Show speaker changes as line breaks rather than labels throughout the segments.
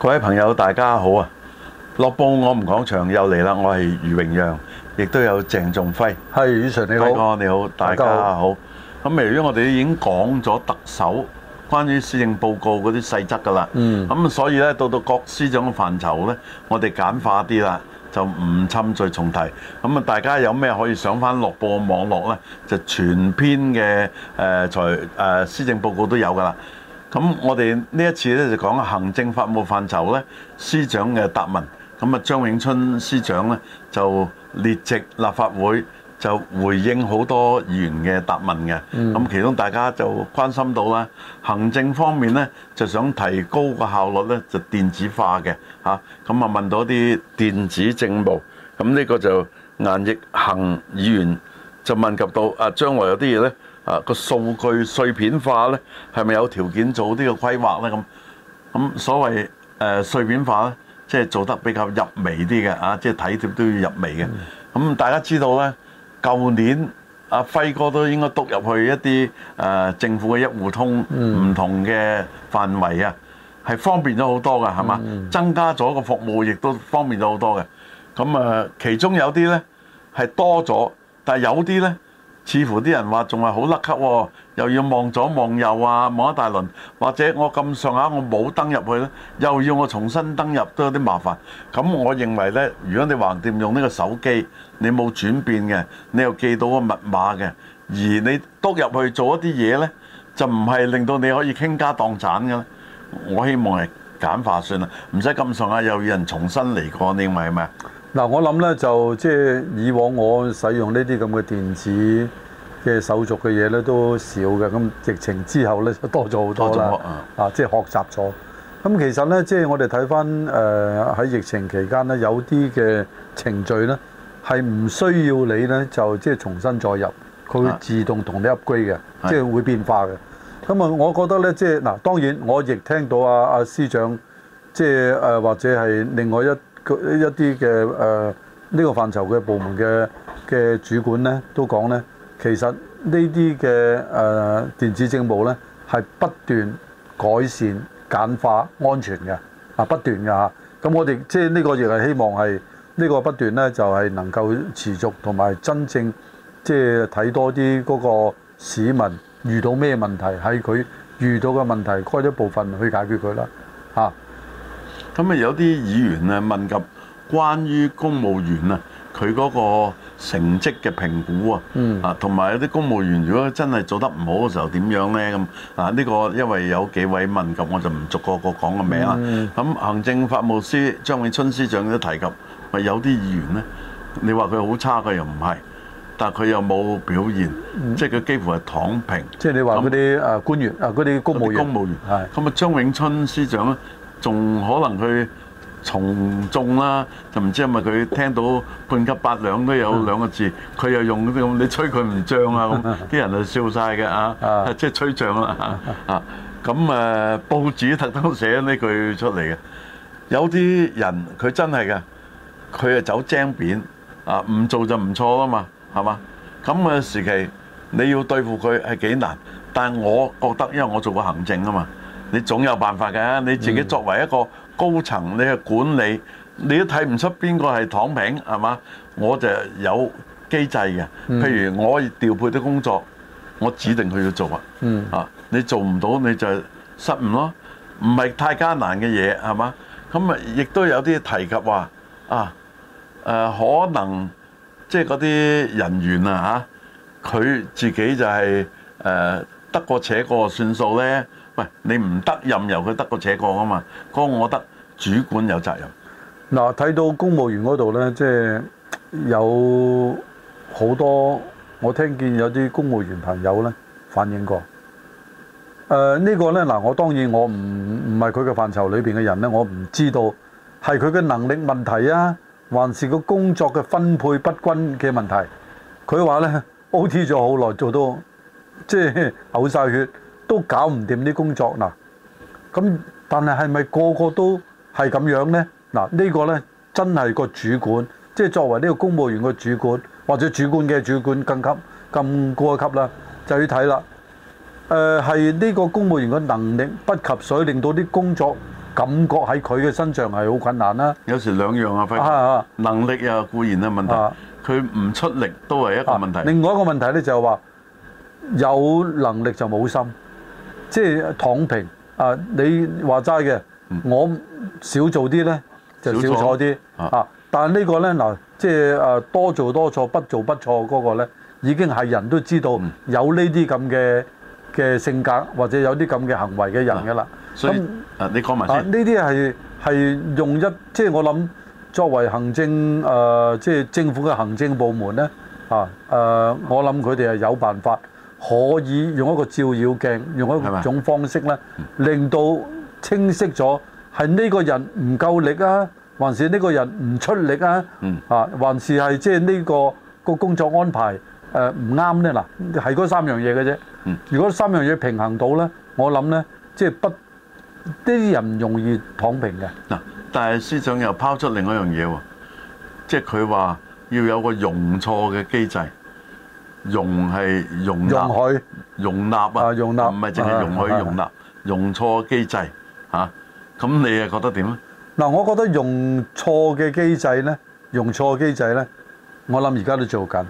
各位朋友，大家好啊！《樂報》我唔講長，又嚟啦！我係余榮讓，亦都有鄭仲輝。係，主席你好，Hello, 你好，大家好。咁由於我哋已經講咗特首關於施政報告嗰啲細則噶啦，咁、嗯、所以咧到到各司長嘅範疇咧，我哋簡化啲啦，就唔侵再重提。咁啊，大家有咩可以上翻《樂報》嘅網絡咧，就全篇嘅誒財誒施政報告都有噶啦。咁我哋呢一次咧就講行政法務範疇咧司長嘅答問。咁啊張永春司長咧就列席立法會就回應好多議員嘅答問嘅，咁其中大家就關心到啦，行政方面咧就想提高個效率咧就電子化嘅，吓。咁啊問到啲電子政務，咁呢個就顏奕恆議員就問及到啊將來有啲嘢咧。啊，個數據碎片化咧，係咪有條件做啲嘅規劃咧？咁、啊、咁所謂誒、呃、碎片化咧，即係做得比較入微啲嘅，啊，即係體貼都要入微嘅。咁、嗯啊、大家知道咧，舊年阿、啊、輝哥都應該督入去一啲誒、啊、政府嘅一戶通唔、嗯、同嘅範圍啊，係方便咗好多嘅，係嘛、嗯？增加咗個服務，亦都方便咗好多嘅。咁啊，其中有啲咧係多咗，但係有啲咧。似乎啲人話仲係好甩咳喎，又要望左望右啊，望一大輪，或者我咁上下我冇登入去呢，又要我重新登入都有啲麻煩。咁我認為呢，如果你橫掂用呢個手機，你冇轉變嘅，你又記到個密碼嘅，而你督入去做一啲嘢呢，就唔係令到你可以傾家蕩產嘅咧。我希望係簡化算啦，唔使咁上下又要人重新嚟過，你認為係咪？
嗱，我諗咧就即係以往我使用呢啲咁嘅電子嘅手續嘅嘢咧都少嘅，咁疫情之後咧就多咗好多啦，啊，即係學習咗。咁其實咧即係我哋睇返誒喺疫情期間咧有啲嘅程序咧係唔需要你咧就即係重新再入，佢會自動同你 upgrade 嘅、啊，即係會變化嘅。咁啊，我覺得咧即係嗱，當然我亦聽到阿阿司長即係誒、呃、或者係另外一一啲嘅誒呢個範疇嘅部門嘅嘅主管呢都講呢，其實呢啲嘅誒電子政務呢係不斷改善、簡化、安全嘅啊，不斷嘅嚇。咁、啊、我哋即係呢個亦係希望係呢、呢個不斷呢，就係、是、能夠持續同埋真正即係睇多啲嗰個市民遇到咩問題，喺佢遇到嘅問題，開一部分去解決佢啦
嚇。啊咁啊有啲議員啊問及關於公務員啊佢嗰個成績嘅評估啊，啊同埋有啲公務員如果真係做得唔好嘅時候點樣咧？咁，嗱，呢個因為有幾位問及，我就唔逐個個講個名啦。咁行政法務司張永春司長都提及，話有啲議員咧，你話佢好差佢又唔係，但係佢又冇表現，即係佢幾乎係躺平。即係你話嗰啲
誒官員啊嗰啲公務員。咁
公務員係。咁啊張永春司長咧。仲可能佢從眾啦，就唔知係咪佢聽到半斤八兩都有兩個字，佢、啊、又用用你吹佢唔脹啊咁，啲人就笑晒嘅啊，即係吹脹啦啊！咁、就、誒、是啊啊啊、報紙特登寫呢句出嚟嘅，有啲人佢真係嘅，佢啊走精扁啊，唔做就唔錯啦嘛，係嘛？咁嘅時期你要對付佢係幾難，但係我覺得因為我做過行政啊嘛。你總有辦法㗎，你自己作為一個高層，你去管理，嗯、你都睇唔出邊個係躺平，係嘛？我就有機制嘅，嗯、譬如我可以調配啲工作，我指定佢要做乜，嗯、啊，你做唔到你就失誤咯。唔係太艱難嘅嘢，係嘛？咁啊，亦都有啲提及話啊，誒可能即係嗰啲人員啊嚇，佢自己就係、是、誒、呃、得過且過算數咧。喂，你唔得任由佢得過且過噶嘛？嗰個我得主管有責任。
嗱，睇到公務員嗰度咧，即係有好多，我聽見有啲公務員朋友咧反映過。誒，呢個咧嗱，我當然我唔唔係佢嘅範疇裏邊嘅人咧，我唔知道係佢嘅能力問題啊，還是個工作嘅分配不均嘅問題。佢話咧 OT 咗好耐，做到即係嘔晒血。都搞唔掂啲工作嗱，咁但係係咪個個都係咁樣咧？嗱，呢個咧真係個主管，即係作為呢個公務員個主管或者主管嘅主管更級更高一級啦，就要睇啦。誒，係呢個公務員嘅能力不及水，令到啲工作感覺喺佢嘅身上係好困難啦。有時兩
樣啊，輝能力又固然係問題，佢唔出力都係一個問題。另外一
個問題咧，就係話有能力就冇心。即係躺平啊！你話齋嘅，我少做啲呢，就少錯啲啊，啊！但係呢個呢，嗱，即係誒、啊、多做多錯，不做不錯嗰個咧，已經係人都知道有呢啲咁嘅嘅性格，或者有啲咁嘅行為嘅人噶啦。咁啊，你講埋先。呢啲係係用一即係我諗作為行政誒、呃，即係政府嘅行政部門呢，啊誒、呃，我諗佢哋係有辦法。可以用一個照妖鏡，用一種方式咧，令到清晰咗係呢個人唔夠力啊，還是呢個人唔出力啊？嗯、啊，還是係即係呢個、嗰個工作安排誒唔啱咧？嗱、呃，係嗰、啊、三樣嘢嘅啫。嗯、如果三樣嘢平衡到咧，我諗咧即係唔啲人容易躺平嘅。嗱，
但係司長又拋出另一樣嘢喎，即係佢話要有個容錯嘅機制。容係容許，容納啊，容納，唔係淨係容許容納，容錯機制嚇，咁你又覺得點咧？
嗱，我覺得容錯嘅機制咧，容錯機制咧，我諗而家都做緊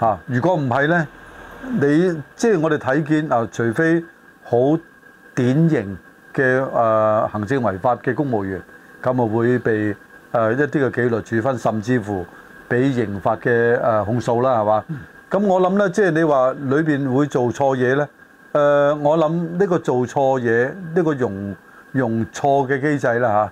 嚇。如果唔係咧，你即係我哋睇見啊，除非好典型嘅誒行政違法嘅公務員，咁啊會被誒一啲嘅紀律處分，甚至乎俾刑法嘅誒控訴啦，係嘛？咁我諗咧，即係你話裏邊會做錯嘢咧？誒、呃，我諗呢個做錯嘢，呢、呢個容容錯嘅機制啦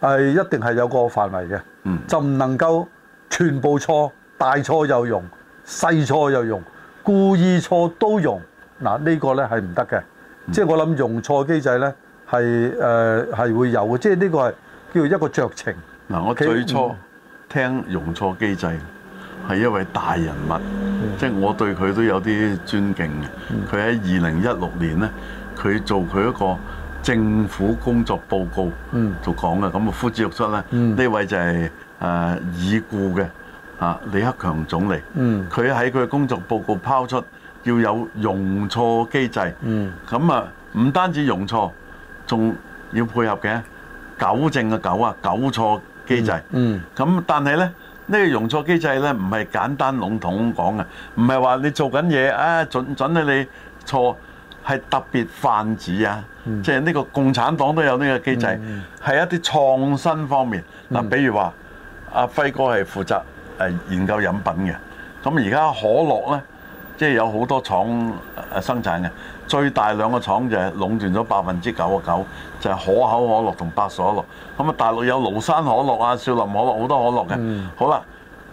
嚇，係、啊、一定係有個範圍嘅。嗯，就唔能夠全部錯，大錯又容，細錯又容，故意錯都容。嗱，呢個、呢個咧係唔得嘅。即係我諗容錯機制咧係誒係會有嘅。即係呢個係叫做一個酌情。嗱，我
最初、嗯、聽容錯機制係一位大人物。嗯、即係我對佢都有啲尊敬嘅。佢喺二零一六年呢，佢做佢一個政府工作報告就講嘅，咁啊，呼之欲出。呢，呢位就係誒已故嘅啊李克強總理。佢喺佢嘅工作報告拋出要有容錯機制，咁啊，唔單止容錯，仲要配合嘅糾正嘅糾啊糾錯機制。咁但係呢。呢、呢個容錯機制咧，唔係簡單籠統講嘅，唔係話你做緊嘢，啊準準咧你錯，係特別犯子啊！即係呢個共產黨都有呢個機制、嗯，係、嗯、一啲創新方面嗱、啊，比如話阿、啊、輝哥係負責誒研究飲品嘅，咁而家可樂咧。即、就、係、是、有好多廠生產嘅，最大兩個廠就係壟斷咗百分之九十九，就係、是、可口可樂同百事可樂。咁啊大陸有廬山可樂啊、少林可樂好多可樂嘅、嗯。好啦，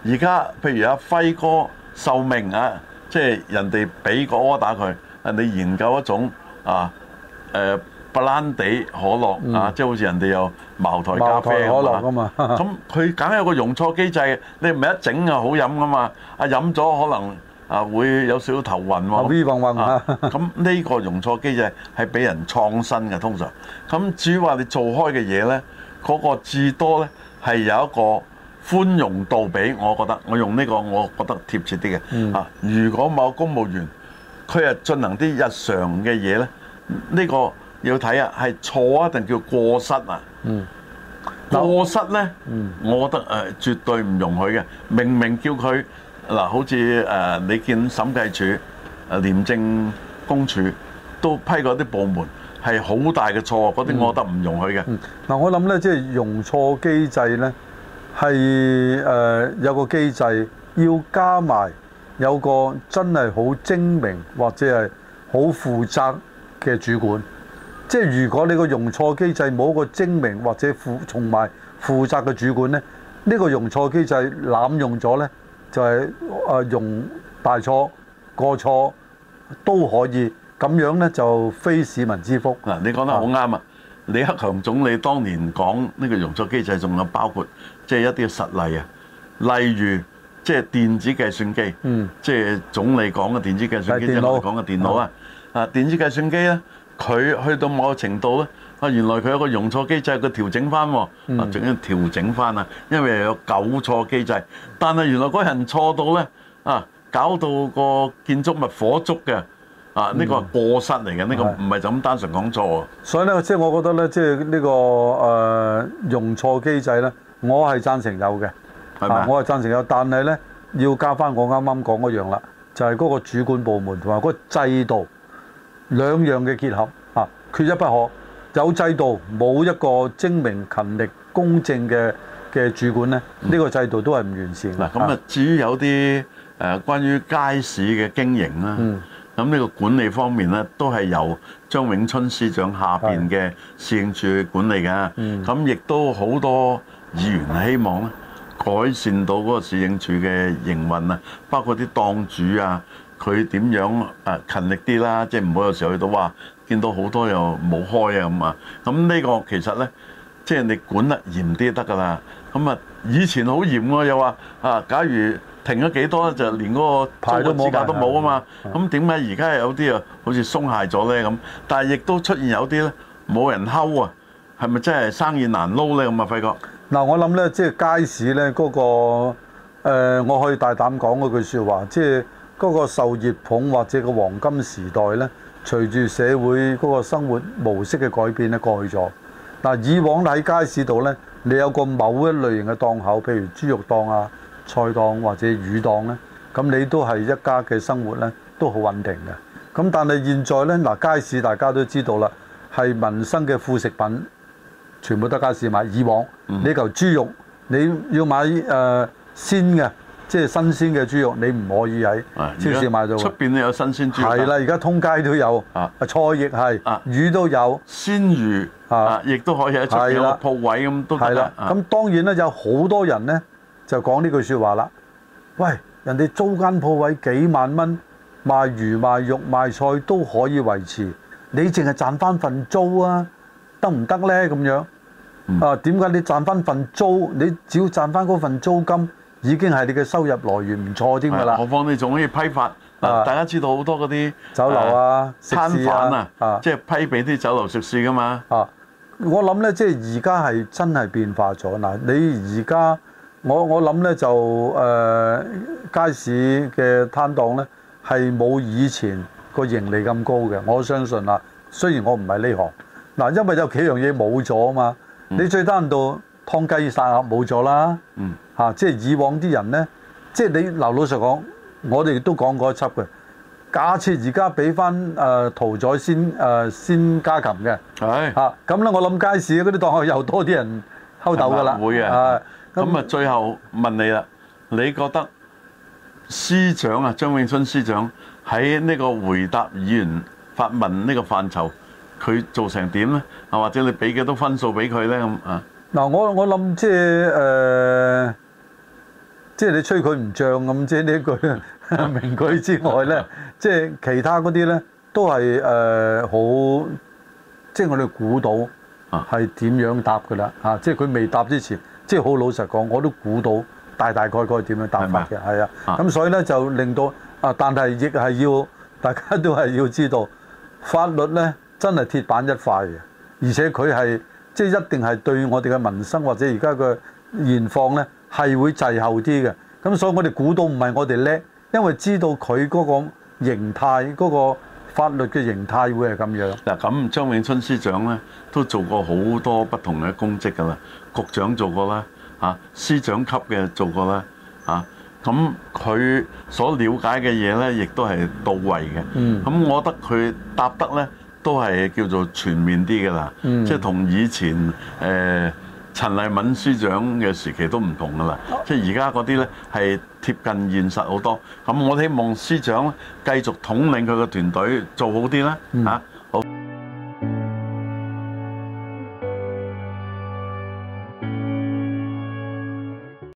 而家譬如阿、啊、輝哥壽命啊，即係人哋俾個 order 佢，人哋研究一種啊誒白蘭地可樂啊，即係好似人哋有茅台咖啡啊、嗯、
嘛。咁
佢梗係有個容錯機制，你唔係一整就好飲噶嘛？啊飲咗可能。啊，會有少少頭暈喎、頭暈暈啊！咁呢個容錯機制係俾人創新嘅，通常咁，至於話你做開嘅嘢咧，嗰、那個至多咧係有一個寬容度俾我覺得，我用呢個我覺得貼切啲嘅啊。如果某公務員佢係進行啲日常嘅嘢咧，呢、這個要睇啊，係錯啊定叫過失啊？嗯、過失咧、嗯，我覺得誒、呃、絕對唔容許嘅，明明叫佢。嗱，好似誒，你見審計署、誒廉政公署都批過啲部門係好大嘅錯，嗰啲我覺得唔容許嘅。
嗱、嗯嗯，我諗咧，即係容錯機制咧，係誒、呃、有個機制要加埋有個真係好精明或者係好負責嘅主管。即係如果你個容錯機制冇一個精明或者負從埋負責嘅主管咧，呢個容錯機制濫用咗咧。就係、是、誒用大錯過錯都可以咁樣咧，就非市民之福。嗱，
你講得好啱啊！李克強總理當年講呢個容錯機制，仲有包括即係一啲實例啊，例如即係電子計算機，即係總理講嘅電子計算機，我哋講嘅電腦啊，啊電子計算機咧，佢去到某個程度咧。啊，原來佢有個容錯機制，佢調整翻喎。啊、嗯，仲要調整翻啊，因為有糾錯機制。但係原來嗰人錯到咧，啊，搞到個建築物火燭嘅。啊、呢、嗯這個係過失嚟嘅，呢、這個唔係就咁單純講錯。
所以咧，即係我覺得咧，即係呢個誒容錯機制咧，我係贊成有嘅。係咪？啊，我係贊成有，但係咧要加翻我啱啱講嗰樣啦，就係嗰個主管部門同埋嗰個制度兩樣嘅結合啊，缺一不可。有制度冇一個精明勤力公正嘅嘅主管呢。呢、嗯這個制度都係唔完善的。嗱咁啊，
至於有啲誒關於街市嘅經營啦，咁、嗯、呢個管理方面咧，都係由張永春司長下邊嘅市政署管理嘅。咁、嗯、亦、嗯、都好多議員希望咧改善到嗰個市政署嘅營運啊，包括啲檔主啊。佢點樣啊？勤力啲啦，即係唔好有時候去到話見到好多又冇開啊咁啊。咁呢個其實咧，即係你管得嚴啲就得㗎啦。咁啊，以前好嚴喎，又話啊，假如停咗幾多，就連嗰個做咗資格都冇啊嘛。咁點解而家有啲啊，好似鬆懈咗咧咁？但係亦都出現有啲咧冇人睺啊，係咪真係生意難撈咧咁啊？輝哥
嗱，我諗咧，即係街市咧嗰個呃，我可以大膽講句説話，即係。嗰、嗰個受熱捧或者個黃金時代呢，隨住社會嗰個生活模式嘅改變呢，過去咗。嗱，以往喺街市度呢，你有個某一類型嘅檔口，譬如豬肉檔啊、菜檔或者魚檔呢，咁你都係一家嘅生活呢，都好穩定嘅。咁但係現在呢，嗱，街市大家都知道啦，係民生嘅副食品，全部都街市買。以往、嗯、你嚿豬肉你要買誒、呃、鮮嘅。即係新鮮嘅豬肉，你唔可以喺超市買到。出邊都有新鮮豬肉係啦，而家通街都有。啊，菜亦係、啊，魚都有鮮魚啊，亦都可以喺出邊鋪位咁都係。咁當然咧，有好多人咧就講呢句説話啦。喂，人哋租間鋪位幾萬蚊，賣魚賣肉賣菜都可以維持，你淨係賺翻份租啊，得唔得咧？咁樣、嗯、啊？點解你賺翻份租？你只要賺翻嗰份租金。已經係你嘅收入來源唔錯添㗎啦，何、
啊、況你仲可以批發嗱、啊，大家知道好多嗰啲酒樓啊、餐飯啊，即係、啊啊啊就是、批俾啲酒樓食肆㗎嘛。
啊，我諗咧，即係而家係真係變化咗嗱、啊。你而家我我諗咧就誒、呃、街市嘅攤檔咧係冇以前個盈利咁高嘅，我相信啦。雖然我唔係呢行，嗱、啊，因為有幾樣嘢冇咗啊嘛、嗯。你最低限度湯雞殺鴨冇咗啦。嗯。嚇、啊！即係以往啲人咧，即係你，嗱，老實講，我哋都講過一輯嘅。假設而家俾翻誒陶在先屠宰先誒、呃、先加琴嘅，係嚇咁咧，我諗街市嗰啲檔口又多啲人偷豆噶啦，會嘅、
啊。咁啊，最後問你啦，你覺得司長啊，張永春司長喺呢個回答議員發問呢個範疇，佢做成點咧？啊，或者你俾幾多分數俾佢咧？咁啊？
嗱、啊，我我諗即係誒。呃即係你吹佢唔漲咁，即係呢句名句之外咧、啊呃，即係其他嗰啲咧都係好，即係我哋估到係點樣答㗎啦嚇。即係佢未答之前，即係好老實講，我都估到大大概概點樣答法嘅，係啊。咁、啊啊、所以咧就令到啊，但係亦係要大家都係要知道法律咧真係鐵板一塊嘅，而且佢係即係一定係對我哋嘅民生或者而家嘅現況咧。係會滯後啲嘅，咁所以我哋估到唔係我哋叻，因為知道佢嗰個形態、嗰個法律嘅形態會係咁樣。嗱，
咁張永春司長咧都做過好多不同嘅公職噶啦，局長做過啦，嚇、啊，司長級嘅做過啦，嚇、啊，咁佢所了解嘅嘢咧，亦都係到位嘅。嗯，咁我覺得佢答得咧都係叫做全面啲噶啦，即係同以前誒。呃陳麗敏司長嘅時期都唔同㗎啦，即係而家嗰啲咧係貼近現實好多，咁我希望司長繼續統領佢個團隊做好啲啦吓。